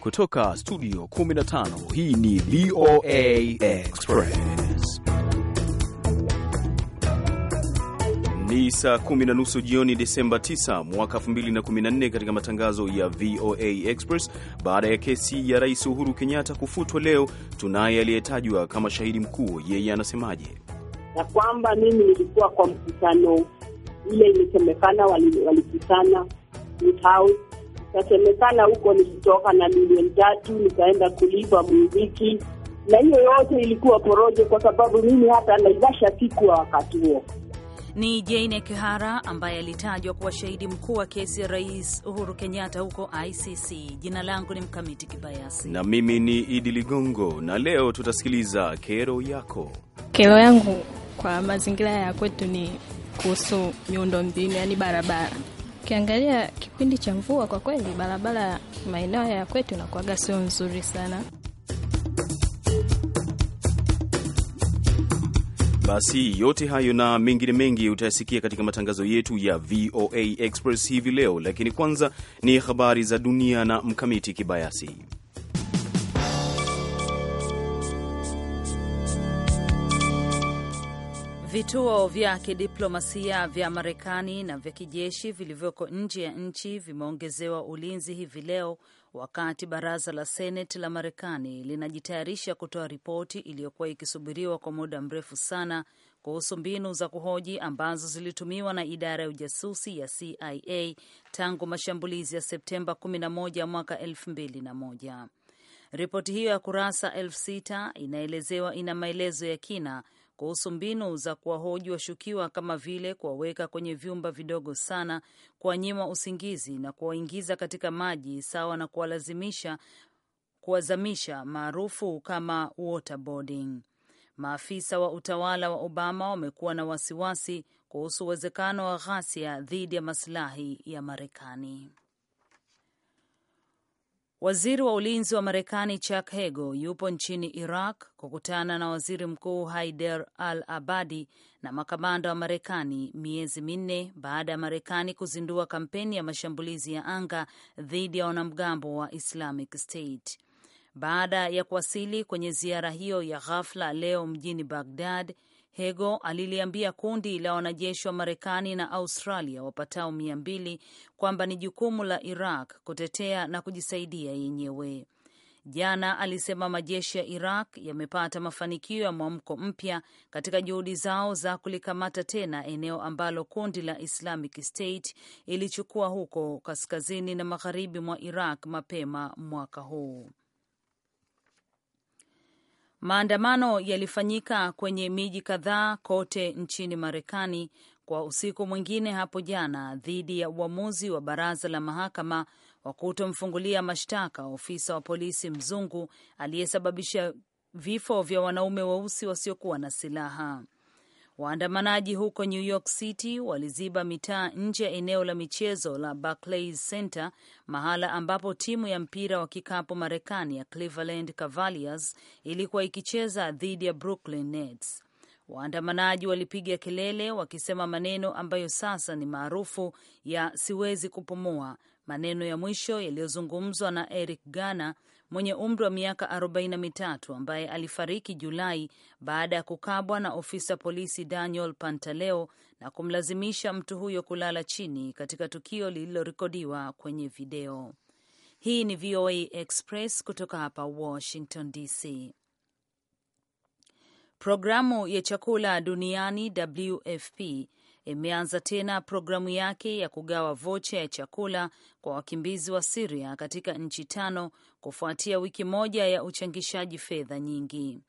Kutoka studio 15 hii ni VOA Express. Ni saa kumi na nusu jioni Desemba 9 mwaka 2014. Katika matangazo ya VOA Express, baada ya kesi ya Rais Uhuru Kenyatta kufutwa leo, tunaye aliyetajwa kama shahidi mkuu. Yeye anasemaje? ya kwamba mimi nilikuwa kwa mkutano ile, ilisemekana walikutana wali Nasemekana huko nilitoka na milioni tatu nikaenda kulipa muziki, na hiyo yote ilikuwa porojo, kwa sababu mimi hata Naivasha sikuwa wakati huo. Ni Jane Kihara ambaye alitajwa kuwa shahidi mkuu wa kesi ya Rais Uhuru Kenyatta huko ICC. Jina langu ni Mkamiti Kibayasi na mimi ni Idi Ligongo, na leo tutasikiliza kero yako. Kero yangu kwa mazingira ya kwetu ni kuhusu mbinu, yaani barabara Ukiangalia kipindi cha mvua, kwa kweli barabara maeneo ya kwetu inakuwaga sio nzuri sana. Basi yote hayo na mengine mengi utayasikia katika matangazo yetu ya VOA Express hivi leo, lakini kwanza ni habari za dunia na Mkamiti Kibayasi. Vituo vya kidiplomasia vya Marekani na vya kijeshi vilivyoko nje ya nchi vimeongezewa ulinzi hivi leo wakati baraza la Seneti la Marekani linajitayarisha kutoa ripoti iliyokuwa ikisubiriwa kwa muda mrefu sana kuhusu mbinu za kuhoji ambazo zilitumiwa na idara ya ujasusi ya CIA tangu mashambulizi ya Septemba 11 mwaka 2001. Ripoti hiyo ya kurasa elfu sita inaelezewa ina maelezo ya kina kuhusu mbinu za kuwahoji washukiwa kama vile kuwaweka kwenye vyumba vidogo sana, kuwanyima usingizi na kuwaingiza katika maji sawa na kuwalazimisha kuwazamisha, maarufu kama waterboarding. Maafisa wa utawala wa Obama wamekuwa na wasiwasi kuhusu uwezekano wa ghasia dhidi ya masilahi ya Marekani. Waziri wa ulinzi wa Marekani Chuck Hagel yupo nchini Iraq kukutana na waziri mkuu Haider al Abadi na makamanda wa Marekani, miezi minne baada ya Marekani kuzindua kampeni ya mashambulizi ya anga dhidi ya wanamgambo wa Islamic State. Baada ya kuwasili kwenye ziara hiyo ya ghafla leo mjini Bagdad, Hego aliliambia kundi la wanajeshi wa Marekani na Australia wapatao mia mbili kwamba ni jukumu la Iraq kutetea na kujisaidia yenyewe. Jana alisema majeshi ya Iraq yamepata mafanikio ya mwamko mpya katika juhudi zao za kulikamata tena eneo ambalo kundi la Islamic State ilichukua huko kaskazini na magharibi mwa Iraq mapema mwaka huu. Maandamano yalifanyika kwenye miji kadhaa kote nchini Marekani kwa usiku mwingine hapo jana dhidi ya uamuzi wa baraza la mahakama wa kutomfungulia mashtaka ofisa wa polisi mzungu aliyesababisha vifo vya wanaume weusi wasiokuwa na silaha. Waandamanaji huko New York City waliziba mitaa nje ya eneo la michezo la Barclays Center, mahala ambapo timu ya mpira wa kikapu Marekani ya Cleveland Cavaliers ilikuwa ikicheza dhidi ya Brooklyn Nets. Waandamanaji walipiga kelele wakisema maneno ambayo sasa ni maarufu ya siwezi kupumua, maneno ya mwisho yaliyozungumzwa na Eric Garner mwenye umri wa miaka 43 ambaye alifariki Julai baada ya kukabwa na ofisa polisi Daniel Pantaleo na kumlazimisha mtu huyo kulala chini katika tukio lililorekodiwa kwenye video. Hii ni VOA Express kutoka hapa Washington DC. Programu ya chakula duniani WFP imeanza tena programu yake ya kugawa vocha ya chakula kwa wakimbizi wa Siria katika nchi tano kufuatia wiki moja ya uchangishaji fedha nyingi.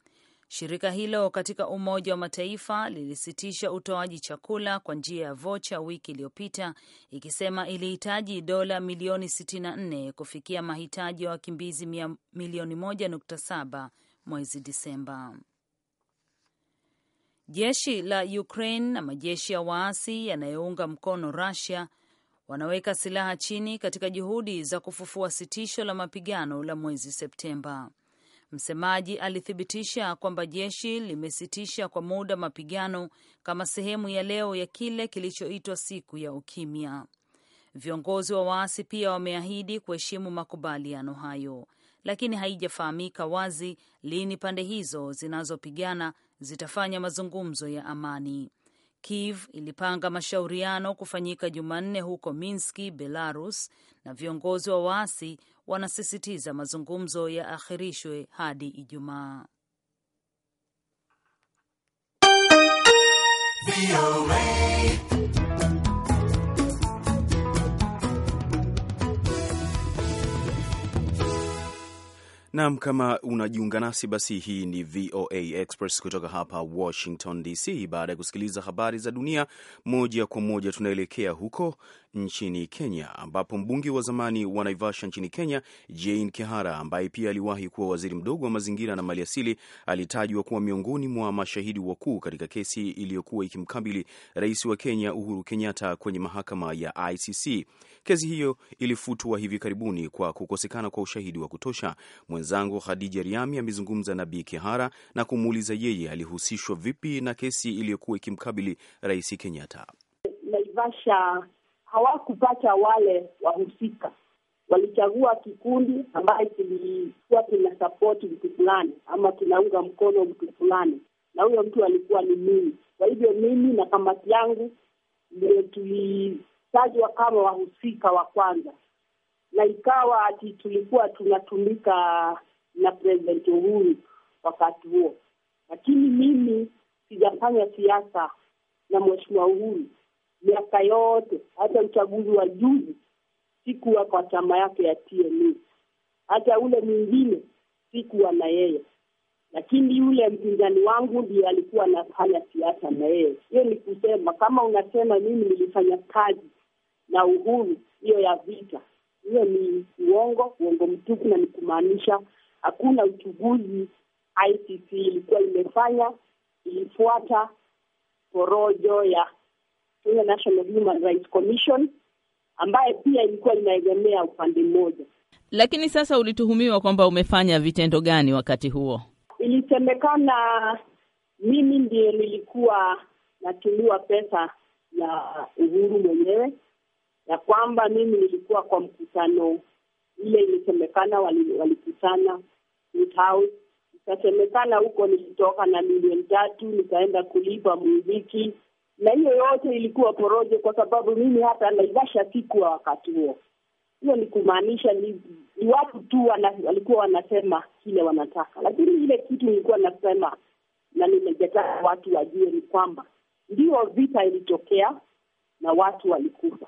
Shirika hilo katika Umoja wa Mataifa lilisitisha utoaji chakula kwa njia ya vocha wiki iliyopita, ikisema ilihitaji dola milioni 64 kufikia mahitaji ya wakimbizi milioni 1.7 mwezi Disemba. Jeshi la Ukraine na majeshi ya waasi yanayounga mkono Russia wanaweka silaha chini katika juhudi za kufufua sitisho la mapigano la mwezi Septemba. Msemaji alithibitisha kwamba jeshi limesitisha kwa muda mapigano kama sehemu ya leo ya kile kilichoitwa siku ya ukimya. Viongozi wa waasi pia wameahidi kuheshimu makubaliano hayo, lakini haijafahamika wazi lini pande hizo zinazopigana zitafanya mazungumzo ya amani. Kiev ilipanga mashauriano kufanyika Jumanne huko Minski, Belarus, na viongozi wa waasi wanasisitiza mazungumzo yaahirishwe hadi Ijumaa. Naam, kama unajiunga nasi basi, hii ni VOA Express kutoka hapa Washington DC. Baada ya kusikiliza habari za dunia, moja kwa moja tunaelekea huko nchini Kenya, ambapo mbunge wa zamani wa Naivasha nchini Kenya, Jane kehara ambaye pia aliwahi kuwa waziri mdogo wa mazingira na maliasili, alitajwa kuwa miongoni mwa mashahidi wakuu katika kesi iliyokuwa ikimkabili rais wa Kenya Uhuru Kenyatta kwenye mahakama ya ICC. Kesi hiyo ilifutwa hivi karibuni kwa kukosekana kwa ushahidi wa kutosha. Mwenzangu Khadija Riami amezungumza na Bi Kihara na kumuuliza yeye alihusishwa vipi na kesi iliyokuwa ikimkabili Rais Kenyatta. Naivasha hawakupata wale wahusika walichagua kikundi ambaye kilikuwa kina sapoti mtu fulani ama kinaunga mkono mtu fulani, na huyo mtu alikuwa ni mimi. Kwa hivyo mimi na kamati yangu ndio tulitajwa kama wahusika wa kwanza na ikawa ati tulikuwa tunatumika na President Uhuru wakati huo, lakini mimi sijafanya siasa na mheshimiwa Uhuru miaka yote, hata uchaguzi wa juzi sikuwa kwa chama yake ya TNA, hata ule mwingine sikuwa na yeye, lakini yule mpinzani wangu ndiye alikuwa anafanya siasa na yeye. Hiyo ni kusema, kama unasema mimi nilifanya kazi na Uhuru, hiyo ya vita hiyo ni uongo, uongo mtupu, na ni kumaanisha hakuna uchunguzi ICC ilikuwa imefanya. Ilifuata porojo ya Kenya National Human Rights Commission ambaye pia ilikuwa inaegemea upande mmoja. Lakini sasa ulituhumiwa kwamba umefanya vitendo gani wakati huo? Ilisemekana mimi ndiye nilikuwa natumiwa pesa ya Uhuru mwenyewe ya kwamba mimi nilikuwa kwa mkutano ile, ilisemekana walikutana wali ikasemekana huko nilitoka na milioni tatu nikaenda kulipa muziki, na hiyo yote ilikuwa poroje kwa sababu mimi hata Naivasha wa wakati huo. Hiyo ni kumaanisha ni, ni watu tu wana, walikuwa wanasema kile wanataka, lakini ile kitu nilikuwa nasema na nimejataka watu wajue ni kwamba ndio vita ilitokea na watu walikufa,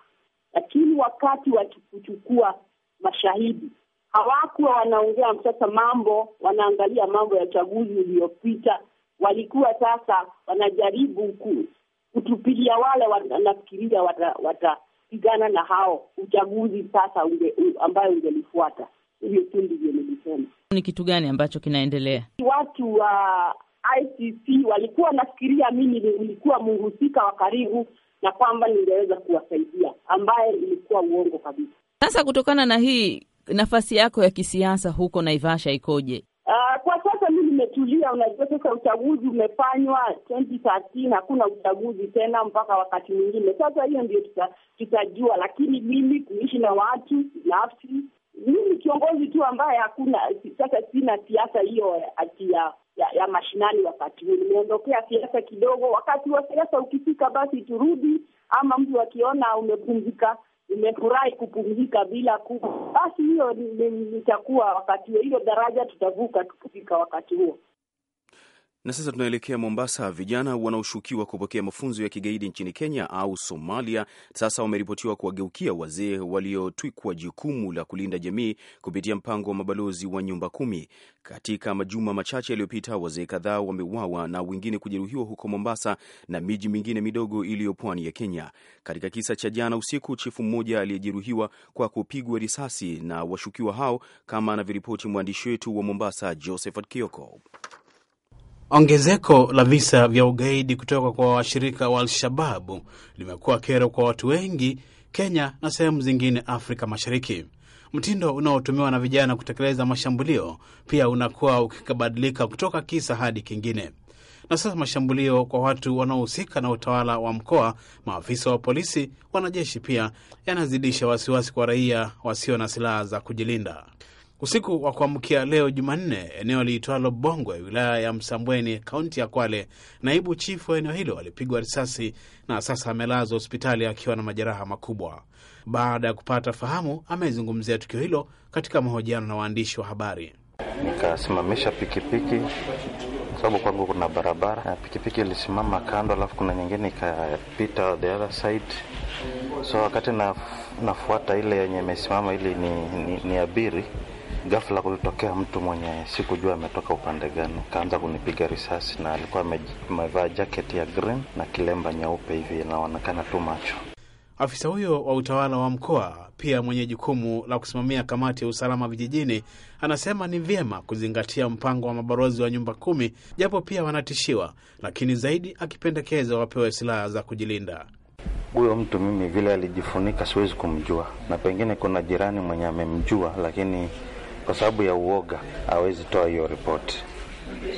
lakini wakati wa kuchukua mashahidi hawakuwa wanaongea sasa mambo, wanaangalia mambo ya uchaguzi uliopita. Walikuwa sasa wanajaribu kutupilia wale wanafikiria watapigana wata na hao uchaguzi sasa unge, ambayo ungelifuata. Hivyo tu ndivyo nilisema. Ni kitu gani ambacho kinaendelea? Watu wa ICC walikuwa wanafikiria mimi nilikuwa mhusika wa karibu na kwamba ningeweza kuwasaidia, ambaye ilikuwa uongo kabisa. Sasa kutokana na hii nafasi yako ya kisiasa huko Naivasha ikoje? Uh, kwa sasa mi nimetulia. Unajua, sasa uchaguzi umefanywa 2013 hakuna uchaguzi tena mpaka wakati mwingine. Sasa hiyo ndio tuta, tutajua, lakini mimi kuishi na watu binafsi, mimi kiongozi tu ambaye hakuna sasa, sina siasa hiyo ati ya ya, ya mashinani wakati huu. Nimeondokea siasa kidogo. Wakati wa siasa ukifika, basi turudi, ama mtu akiona umepumzika, umefurahi kupumzika bila ku, basi hiyo nitakuwa wakati huo, hilo daraja tutavuka tukifika wakati huo. Na sasa tunaelekea Mombasa. Vijana wanaoshukiwa kupokea mafunzo ya kigaidi nchini Kenya au Somalia sasa wameripotiwa kuwageukia wazee waliotwikwa jukumu la kulinda jamii kupitia mpango wa mabalozi wa nyumba kumi. Katika majuma machache yaliyopita, wazee kadhaa wameuawa na wengine kujeruhiwa huko Mombasa na miji mingine midogo iliyo pwani ya Kenya. Katika kisa cha jana usiku, chifu mmoja aliyejeruhiwa kwa kupigwa risasi na washukiwa hao, kama anavyoripoti mwandishi wetu wa Mombasa, Josephat Kioko. Ongezeko la visa vya ugaidi kutoka kwa washirika wa Al-Shababu limekuwa kero kwa watu wengi Kenya na sehemu zingine Afrika Mashariki. Mtindo unaotumiwa na vijana kutekeleza mashambulio pia unakuwa ukikabadilika kutoka kisa hadi kingine, na sasa mashambulio kwa watu wanaohusika na utawala wa mkoa, maafisa wa polisi, wanajeshi pia yanazidisha wasiwasi kwa raia wasio na silaha za kujilinda. Usiku wa kuamkia leo Jumanne, eneo liitwalo Bongwe, wilaya ya Msambweni, kaunti ya Kwale, naibu chifu wa eneo hilo alipigwa risasi na sasa amelazwa hospitali akiwa na majeraha makubwa. Baada ya kupata fahamu, amezungumzia tukio hilo katika mahojiano na waandishi wa habari. Nikasimamisha pikipiki sababu kwangu kuna barabara. Pikipiki ilisimama kando, alafu kuna nyingine ikapita the other side. So wakati nafuata ile yenye imesimama ili ni, ni, ni abiri Ghafla kulitokea mtu mwenye sikujua ametoka upande gani, kaanza kunipiga risasi, na alikuwa amevaa jaketi ya green na kilemba nyeupe hivi, inaonekana tu macho. Afisa huyo wa utawala wa mkoa pia mwenye jukumu la kusimamia kamati ya usalama vijijini anasema ni vyema kuzingatia mpango wa mabalozi wa nyumba kumi, japo pia wanatishiwa, lakini zaidi akipendekeza wapewe silaha za kujilinda. Huyo mtu mimi vile alijifunika siwezi kumjua, na pengine kuna jirani mwenye amemjua, lakini kwa sababu ya uoga hawezi toa hiyo ripoti.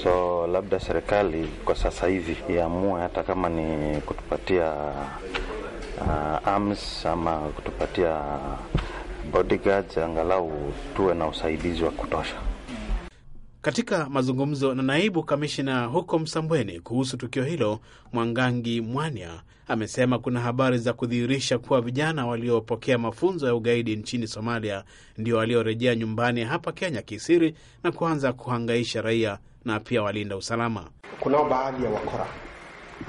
So labda serikali kwa sasa hivi iamue hata kama ni kutupatia uh, arms ama kutupatia bodyguards, angalau tuwe na usaidizi wa kutosha. Katika mazungumzo na naibu kamishina huko Msambweni kuhusu tukio hilo, Mwangangi mwanya amesema kuna habari za kudhihirisha kuwa vijana waliopokea mafunzo ya ugaidi nchini Somalia ndio waliorejea nyumbani hapa Kenya kisiri na kuanza kuhangaisha raia na pia walinda usalama. Kunao baadhi ya wakora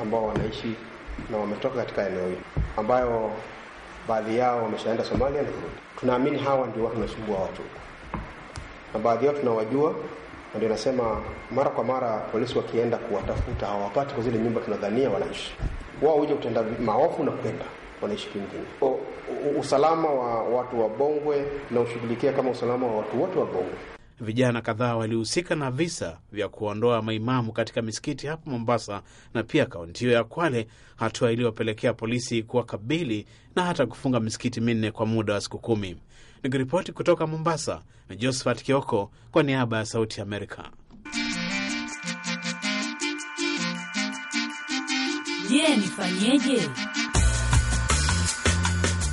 ambao wanaishi na wametoka katika eneo hili, ambayo baadhi yao wameshaenda Somalia na kurudi. Tunaamini hawa ndio watu wanasumbua watu, na baadhi yao tunawajua ndio nasema mara kwa mara polisi wakienda kuwatafuta hawapati kwa zile nyumba tunadhania wanaishi wao, huja kutenda maovu na kwenda wanaishi kwingine. Usalama wa watu wa Bongwe na ushughulikia kama usalama wa watu wote wa Bongwe. Vijana kadhaa walihusika na visa vya kuondoa maimamu katika misikiti hapo Mombasa na pia kaunti hiyo ya Kwale, hatua iliyopelekea polisi kuwakabili na hata kufunga misikiti minne kwa muda wa siku kumi. Nikiripoti kutoka Mombasa na Josephat Kioko kwa niaba ya Sauti Amerika. Je, nifanyeje?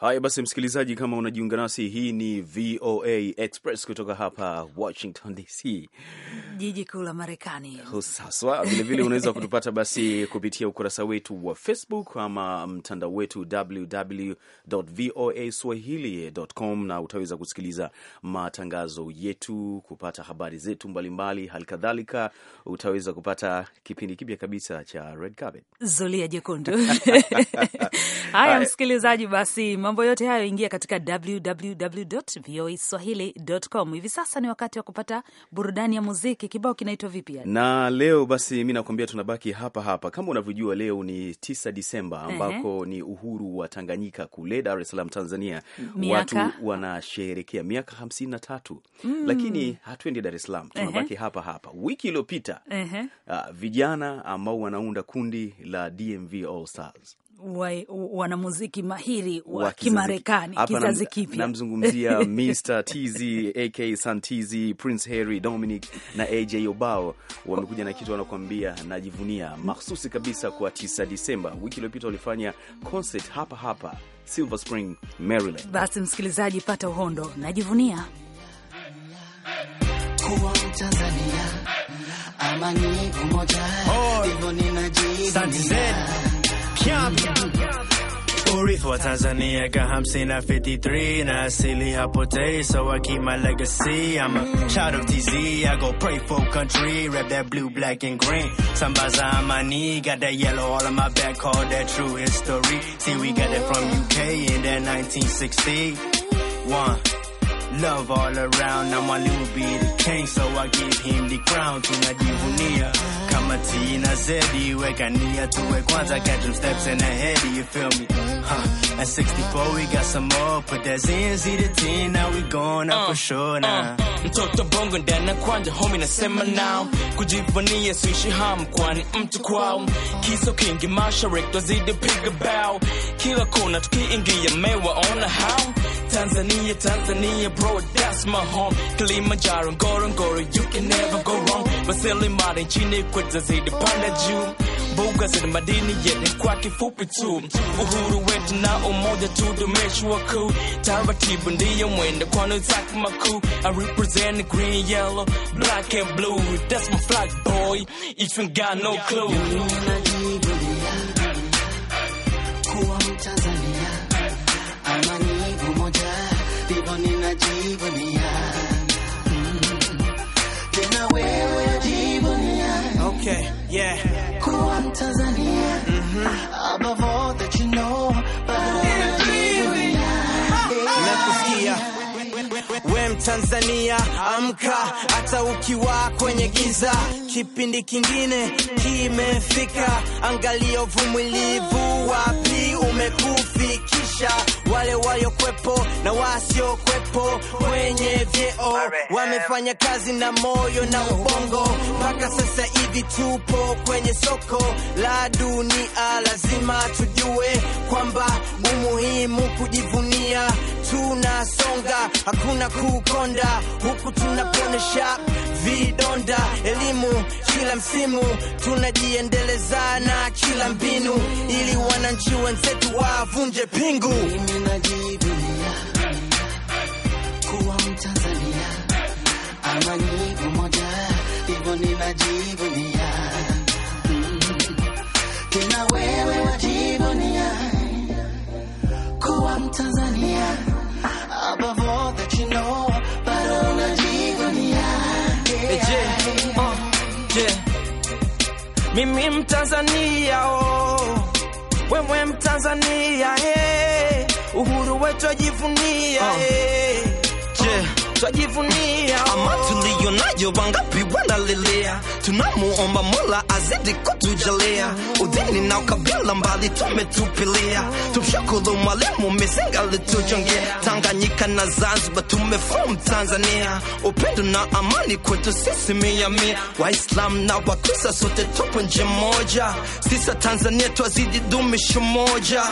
Haya basi, msikilizaji, kama unajiunga nasi, hii ni VOA Express kutoka hapa Washington DC, jiji kuu la Marekani haswa. Vilevile unaweza kutupata basi kupitia ukurasa wetu wa Facebook ama mtandao wetu www.voaswahili.com, na utaweza kusikiliza matangazo yetu, kupata habari zetu mbalimbali. Hali kadhalika utaweza kupata kipindi kipya kabisa cha Red Carpet, zulia jekundu. Haya msikilizaji, basi Mambo yote hayo ingia katika www.voaswahili.com. Hivi sasa ni wakati wa kupata burudani ya muziki. Kibao kinaitwa vipi Na leo basi, mi nakuambia tunabaki hapa hapa. Kama unavyojua, leo ni 9 Disemba ambako uh -huh. ni uhuru wa Tanganyika kule Dar es Salaam, Tanzania. Miaka. Watu wanasheherekea miaka 53 mm. lakini hatuendi Dar es Salaam, tunabaki uh -huh. hapa hapa. Wiki iliyopita uh -huh. uh, vijana ambao wanaunda kundi la DMV All Stars wanamuziki mahiri wa Kimarekani, kizazi kipya. Namzungumzia Mr TZ AK Santizi, Prince Harry, Dominic na AJ Obao. Wamekuja na kitu wanakuambia najivunia, mahsusi kabisa kwa 9 Disemba. Wiki iliyopita walifanya concert hapa hapa Silver Spring, Maryland. Basi msikilizaji, pata uhondo, najivunia kuwa Mtanzania, amani, umoja, hivyo ninajivunia Urithi wa Tanzania got hamsini na 53 na asili hapotei, so I keep my legacy. I'm a child of TZ, I go pray for country, rap that blue, black and green. Sambaza on my knee, got that yellow all on my back, call that true history. See, we got that from UK in that 1960. One. Love all around, new be the king, so I give him the crown. Tunajivunia kama T na Z, weka nia tuwe kwanza, catch them steps in ahead, you feel me? Huh. At 64 we got some more, put that ZNZ to 10, now we going up uh, for sure now. Uh, mtoto uh. bongo ndana kwanja, homie nasema now, kujivunia suishi ham, kwani mtu kwao, kiso kingi mashariki twazidi piga bow, kila kona tukiingia mewaona how, Tanzania, Tanzania that's my home. Kilimanjaro, Ngorongoro, you can never go wrong. Wasili mara nchini kwetu zaidi, panda juu. Mbuga zina madini yenye kwa kifupi tu. Uhuru wetu na umoja tudumishe wakuu. Taratibu ndiyo mwendo kwani utaki makuu. I represent the green, yellow, black and blue. That's my flag boy, Each one got no clue. amani najivunia mm-hmm. We Mtanzania, amka, hata ukiwa kwenye giza, kipindi kingine kimefika. Angalia uvumilivu, wapi umekufikia kuwaelimisha wale waliokwepo na wasiokwepo kwenye vyeo, wamefanya kazi na moyo na ubongo, mpaka sasa hivi tupo kwenye soko la dunia. Lazima tujue kwamba umuhimu kujivunia tuna tunasonga, hakuna kukonda, huku tunaponesha vidonda. Elimu kila msimu tunajiendeleza na kila mbinu, ili wananchi wenzetu wavunje pingu. Mimi najivunia kuwa Mtanzania, amani umoja, hivyo ninajivunia tena. Mm-hmm. Wewe wajivunia Oh, mimi Mtanzania oh, wewe Mtanzania hey, uhuru wetu ajivunia uh. Oh. hey. Oh, twajivunia amani tuliyonayo, wangapi wanalilia, tunamuomba Mola umezidi kutujalia udini na ukabila mbali tumetupilia, tumshukuru Mwalimu misingi alituchongea. Tanganyika na Zanzibar tumeform Tanzania, upendo na amani kwetu sisi mia mia. Waislamu na Wakristo sote tupo nje moja, sisi Tanzania twazidi dumishi moja.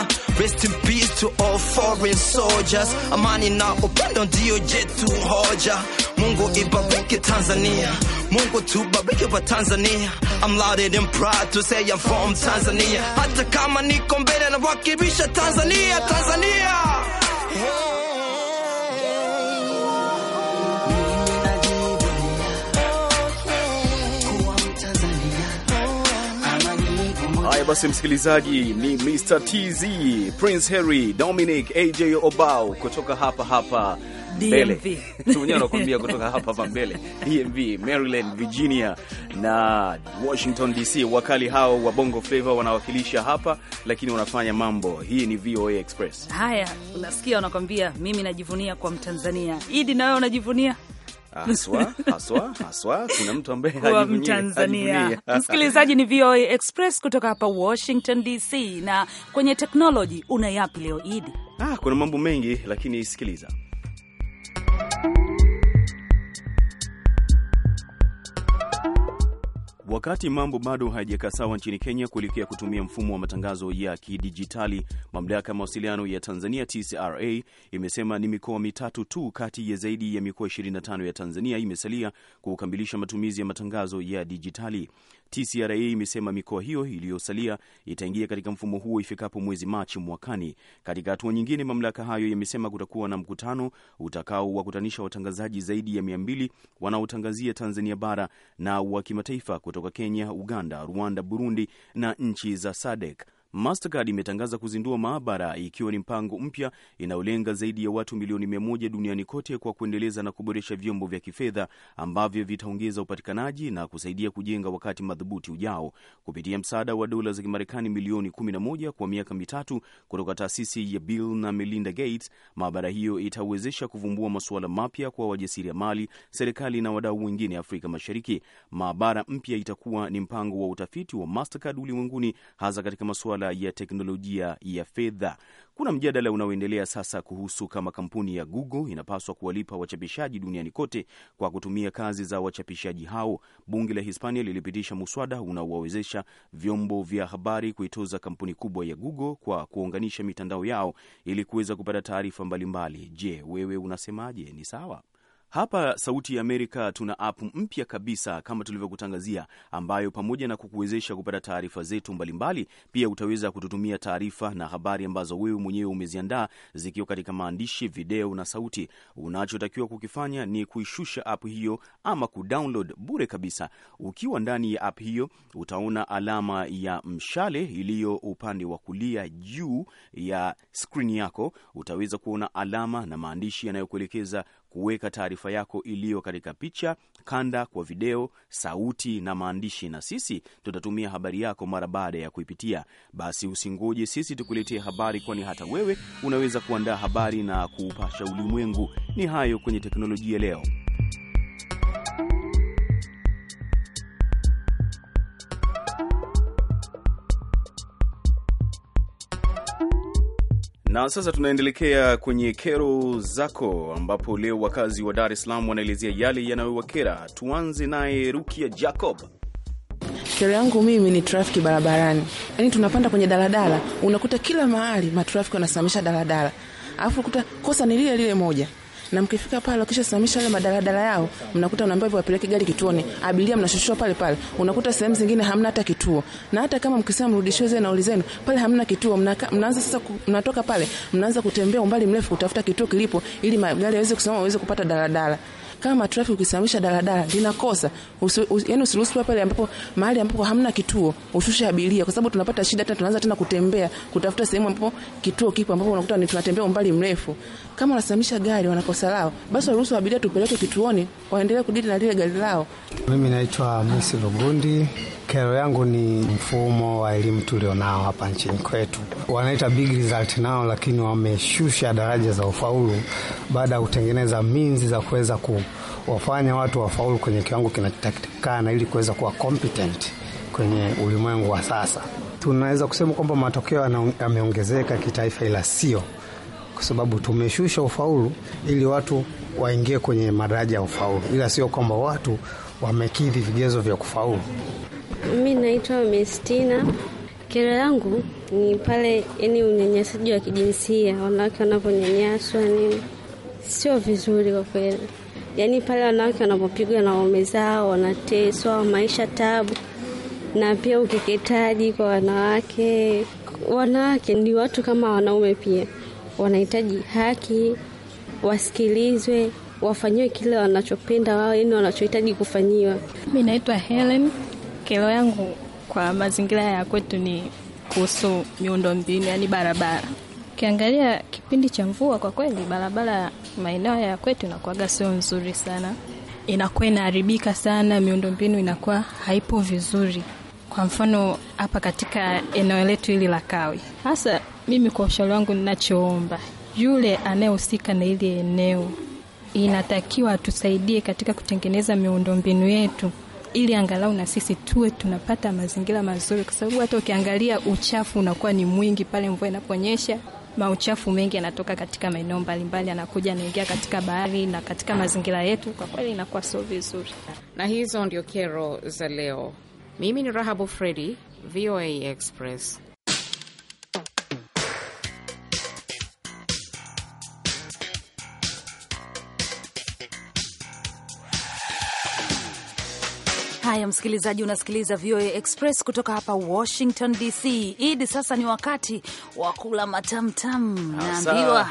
Rest in peace to all foreign soldiers, amani na upendo ndio jetu hoja Mungu ibariki Tanzania, Mungu tubariki wa Tanzania. I'm lauded and proud to say I'm from Tanzania, hata kama niko mbele na wakilisha Tanzania, Tanzania. basi msikilizaji, ni Mr TZ, Prince Harry, Dominic, AJ Obao kutoka hapa hapa mbele kutoka hapa hapa mbele DMV, Maryland, Virginia na Washington DC. Wakali hao wa Bongo Flava wanawakilisha hapa, lakini wanafanya mambo. Hii ni VOA Express. Haya, unasikia wanakwambia, mimi najivunia kwa Mtanzania. Idi, nawe unajivunia? Ah, haswa haswa haswa, kuna mtu ambaye Mtanzania. Msikilizaji, ni VOA Express kutoka hapa Washington DC, na kwenye teknoloji una yapi leo Idi? Ah, kuna mambo mengi, lakini sikiliza Wakati mambo bado hayajakaa sawa nchini Kenya kuelekea kutumia mfumo wa matangazo ya kidijitali, mamlaka ya mawasiliano ya Tanzania TCRA imesema ni mikoa mitatu tu kati ya zaidi ya mikoa 25 ya Tanzania imesalia kukamilisha matumizi ya matangazo ya dijitali. TCRA imesema mikoa hiyo iliyosalia itaingia katika mfumo huo ifikapo mwezi Machi mwakani. Katika hatua nyingine, mamlaka hayo yamesema kutakuwa na mkutano utakaowakutanisha watangazaji zaidi ya mia mbili wanaotangazia Tanzania bara na wa kimataifa kutoka Kenya, Uganda, Rwanda, Burundi na nchi za SADC. E Mastercard imetangaza kuzindua maabara ikiwa ni mpango mpya inayolenga zaidi ya watu milioni mia moja duniani kote kwa kuendeleza na kuboresha vyombo vya kifedha ambavyo vitaongeza upatikanaji na kusaidia kujenga wakati madhubuti ujao kupitia msaada wa dola za Kimarekani milioni 11 kwa miaka mitatu kutoka taasisi ya Bill na Melinda Gates. Maabara hiyo itawezesha kuvumbua masuala mapya kwa wajasiriamali, serikali na wadau wengine Afrika Mashariki. Maabara mpya itakuwa ni mpango wa utafiti wa Mastercard ulimwenguni hasa katika masuala masuala ya teknolojia ya fedha. Kuna mjadala unaoendelea sasa kuhusu kama kampuni ya Google inapaswa kuwalipa wachapishaji duniani kote kwa kutumia kazi za wachapishaji hao. Bunge la Hispania lilipitisha muswada unaowawezesha vyombo vya habari kuitoza kampuni kubwa ya Google kwa kuunganisha mitandao yao ili kuweza kupata taarifa mbalimbali. Je, wewe unasemaje? Ni sawa? Hapa Sauti ya Amerika tuna app mpya kabisa kama tulivyokutangazia, ambayo pamoja na kukuwezesha kupata taarifa zetu mbalimbali, pia utaweza kututumia taarifa na habari ambazo wewe mwenyewe umeziandaa zikiwa katika maandishi, video na sauti. Unachotakiwa kukifanya ni kuishusha app hiyo ama kudownload bure kabisa. Ukiwa ndani ya app hiyo, utaona alama ya mshale iliyo upande wa kulia juu ya skrini yako. Utaweza kuona alama na maandishi yanayokuelekeza kuweka taarifa yako iliyo katika picha, kanda kwa video, sauti na maandishi, na sisi tutatumia habari yako mara baada ya kuipitia. Basi usingoje sisi tukuletee habari, kwani hata wewe unaweza kuandaa habari na kuupasha ulimwengu. Ni hayo kwenye teknolojia leo. Na sasa tunaendelekea kwenye kero zako, ambapo leo wakazi wa Dar es Salaam wanaelezea yale yanayowakera. Tuanze naye Rukia Jacob. Kero yangu mimi ni trafiki barabarani, yaani tunapanda kwenye daladala, unakuta kila mahali matrafiki wanasimamisha daladala, alafu kuta kosa ni lile lile moja na mkifika pale kisha simamisha yale madaladala yao, mnakuta mnaambiwa hivyo wapeleke gari kituoni, abiria mnashushwa pale pale. Unakuta sehemu zingine hamna hata kituo, na hata kama mkisema mrudishiwe zile nauli zenu pale hamna kituo. Mnaanza sasa, mnatoka pale mnaanza kutembea umbali mrefu kutafuta kituo kilipo, ili magari yaweze kusimama waweze kupata daladala kama trafiki ukisimamisha daladala linakosa, yani usiruhusu pale ambapo mahali ambapo hamna kituo ushushe abiria, kwa sababu tunapata shida hata tunaanza tena kutembea kutafuta sehemu ambapo kituo kipo, ambapo unakuta ni tunatembea umbali mrefu. Kama wanasimamisha gari wanakosa lao, basi waruhusu abiria tupeleke kituoni, waendelee kudili na lile gari lao. Mimi naitwa Misi Lugundi. Kero yangu ni mfumo wa elimu tulionao hapa nchini kwetu, wanaita big result nao, lakini wameshusha daraja za ufaulu baada ya kutengeneza minzi za kuweza ku wafanye watu wafaulu kwenye kiwango kinachotakikana ili kuweza kuwa competent kwenye ulimwengu wa sasa. Tunaweza kusema kwamba matokeo yameongezeka kitaifa, ila sio kwa sababu tumeshusha ufaulu ili watu waingie kwenye madaraja ya ufaulu, ila sio kwamba watu wamekidhi vigezo vya kufaulu. Mi naitwa Mestina. Kero yangu ni pale, yani unyanyasaji wa kijinsia, wanawake wanavyonyanyaswa, ni sio vizuri kwa kweli yaani pale wanawake wanapopigwa na waume zao, wanateswa maisha tabu, na pia ukeketaji kwa wanawake. Wanawake ni watu kama wanaume, pia wanahitaji haki, wasikilizwe, wafanyiwe kile wanachopenda wao, yaani wanachohitaji kufanyiwa. Mi naitwa Helen. Kero yangu kwa mazingira ya kwetu ni kuhusu miundo mbinu yaani barabara. Ukiangalia kipindi cha mvua, kwa kweli barabara maeneo ya kwetu inakuwaga sio nzuri sana, inakuwa inaharibika sana, miundombinu inakuwa haipo vizuri. Kwa mfano hapa katika eneo letu hili la kawi hasa mimi kwa ushauri wangu, ninachoomba yule anayehusika na hili eneo, inatakiwa atusaidie katika kutengeneza miundombinu yetu ili angalau na sisi tuwe tunapata mazingira mazuri, kwa sababu hata ukiangalia uchafu unakuwa ni mwingi pale mvua inaponyesha mauchafu mengi yanatoka katika maeneo mbalimbali, yanakuja yanaingia katika bahari na katika mazingira yetu, kwa kweli inakuwa sio vizuri. Na hizo ndio kero za leo. Mimi ni Rahabu Fredi, VOA Express. Haya, msikilizaji, unasikiliza VOA Express kutoka hapa Washington DC. Idi, sasa ni wakati wa kula matamtam. Ah, Naambiwa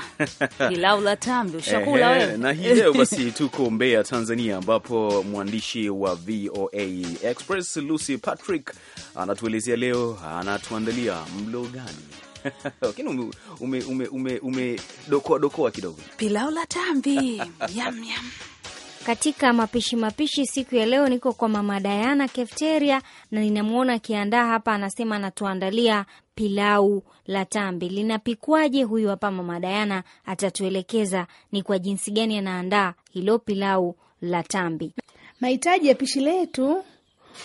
pilau la tambi ushakula wewe. Na hii leo basi tuko Mbeya, Tanzania, ambapo mwandishi wa VOA Express Lucy Patrick anatuelezea leo anatuandalia mlo gani. Lakini umedokoadokoa ume, ume, ume, kidogo pilau la tambi yam, yam. Katika mapishi mapishi siku ya leo niko kwa Mama Dayana Kefteria na ninamwona akiandaa hapa, anasema anatuandalia pilau la tambi. Linapikwaje? Huyu hapa Mama Dayana atatuelekeza ni kwa jinsi gani anaandaa hilo pilau la tambi. Mahitaji ya pishi letu,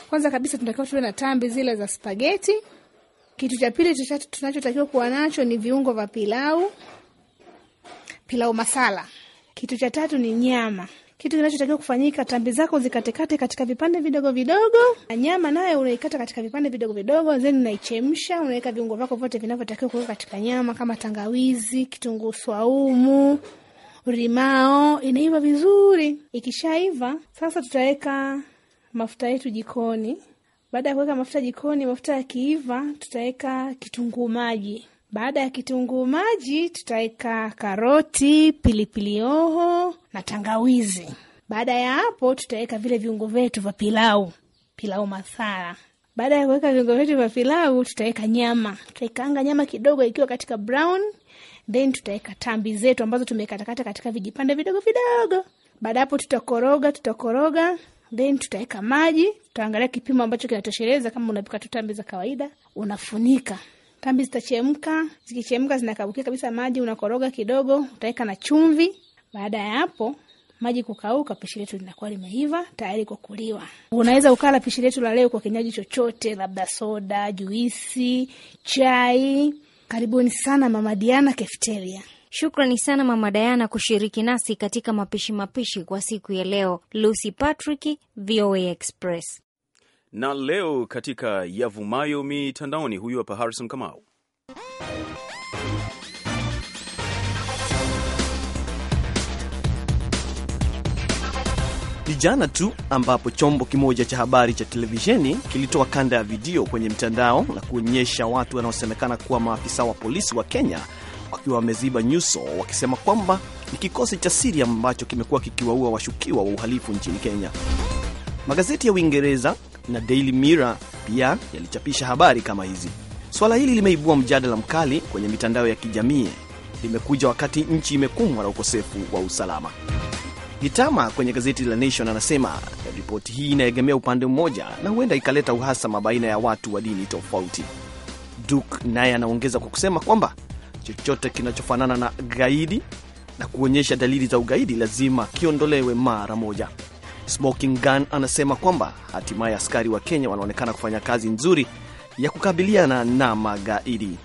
kwanza kabisa tunatakiwa tuwe na tambi zile za spageti. Kitu cha pili tunachotakiwa kuwa nacho ni viungo vya pilau, pilau masala. Kitu cha tatu ni nyama kitu kinachotakiwa kufanyika, tambi zako zikatekate katika vipande vidogo vidogo, na nyama nayo unaikata katika vipande vidogo vidogo, then unaichemsha, unaweka viungo vyako vyote vinavyotakiwa kuweka katika nyama kama tangawizi, kitunguu swaumu rimao inaiva vizuri. Ikishaiva sasa, tutaweka mafuta yetu jikoni. Baada ya kuweka mafuta jikoni, mafuta yakiiva, tutaweka kitunguu maji. Baada ya kitunguu maji, tutaweka karoti, pilipili hoho na tangawizi. Baada ya hapo, tutaweka vile viungo vyetu vya pilau, pilau masala. Baada ya kuweka viungo vyetu vya pilau, tutaweka nyama, tutaikaanga nyama kidogo ikiwa katika brown, then tutaweka tambi zetu ambazo tumekatakata katika vijipande vidogo vidogo. Baada ya hapo, tutakoroga tutakoroga then tutaweka maji, tutaangalia kipimo ambacho kinatosheleza. Kama unapika tu tambi za kawaida, unafunika tambi zitachemka, zikichemka zinakaukia kabisa maji, unakoroga kidogo, utaweka na chumvi. Baada ya hapo maji kukauka, pishi letu linakuwa limeiva tayari kwa kuliwa. Unaweza ukala pishi letu la leo kwa kinywaji chochote, labda soda, juisi, chai. Karibuni sana Mama Diana Kefteria. Shukrani sana Mama Dayana kushiriki nasi katika mapishi mapishi kwa siku ya leo. Lucy Patrick, VOA Express na leo katika yavumayo mitandaoni, huyu hapa Harrison Kamau. Ni jana tu ambapo chombo kimoja cha habari cha televisheni kilitoa kanda ya video kwenye mtandao na kuonyesha watu wanaosemekana kuwa maafisa wa polisi wa Kenya wakiwa wameziba nyuso wakisema kwamba ni kikosi cha siri ambacho kimekuwa kikiwaua washukiwa wa uhalifu nchini Kenya. Magazeti ya Uingereza na Daily Mirror pia yalichapisha habari kama hizi. Swala hili limeibua mjadala mkali kwenye mitandao ya kijamii. Limekuja wakati nchi imekumbwa na ukosefu wa usalama. Gitama kwenye gazeti la Nation anasema ripoti hii inaegemea upande mmoja na huenda ikaleta uhasama baina ya watu wa dini tofauti. Duke naye anaongeza kwa kusema kwamba chochote kinachofanana na gaidi na kuonyesha dalili za ugaidi lazima kiondolewe mara moja. Smoking Gun anasema kwamba hatimaye askari wa Kenya wanaonekana kufanya kazi nzuri ya kukabiliana na magaidi.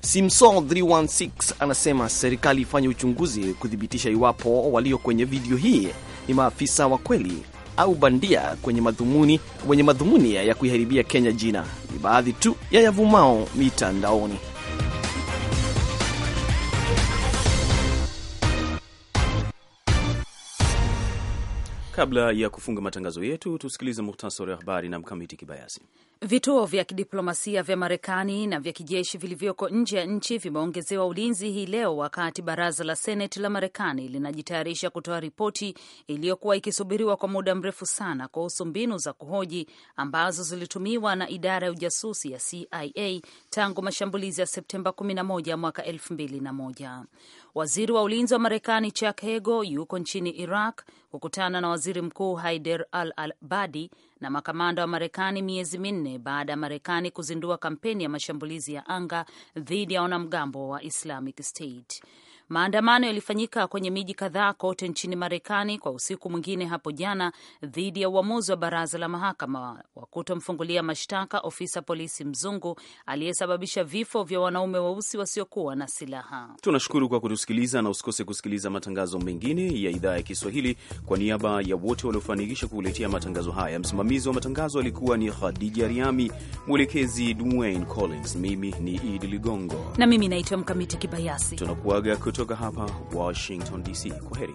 simson 316 anasema serikali ifanye uchunguzi kuthibitisha iwapo walio kwenye video hii ni maafisa wa kweli au bandia kwenye madhumuni, wenye madhumuni ya kuiharibia Kenya jina. Ni baadhi tu ya yavumao mitandaoni. Kabla ya kufunga matangazo yetu, tusikilize muhtasari wa habari na Mkamiti Kibayasi. Vituo vya kidiplomasia vya Marekani na vya kijeshi vilivyoko nje ya nchi vimeongezewa ulinzi hii leo wakati baraza la Seneti la Marekani linajitayarisha kutoa ripoti iliyokuwa ikisubiriwa kwa muda mrefu sana kuhusu mbinu za kuhoji ambazo zilitumiwa na idara ya ujasusi ya CIA tangu mashambulizi ya Septemba 11 mwaka 2001. Waziri wa ulinzi wa Marekani Chuck Hagel yuko nchini Iraq kukutana na waziri mkuu Haider al-Abadi na makamanda wa Marekani miezi minne baada ya Marekani kuzindua kampeni ya mashambulizi ya anga dhidi ya wanamgambo wa Islamic State. Maandamano yalifanyika kwenye miji kadhaa kote nchini Marekani kwa usiku mwingine hapo jana dhidi ya uamuzi wa baraza la mahakama wa kutomfungulia mashtaka ofisa polisi mzungu aliyesababisha vifo vya wanaume weusi wasiokuwa na silaha. Tunashukuru kwa kutusikiliza na usikose kusikiliza matangazo mengine ya idhaa ya Kiswahili. Kwa niaba ya wote waliofanikisha kukuletea matangazo haya, msimamizi wa matangazo alikuwa ni Khadija Riami, mwelekezi Dwayne Collins, mimi ni Idi Ligongo na mimi naitwa Mkamiti Kibayasi. Tunakuaga kutoka hapa Washington DC. Kwa heri.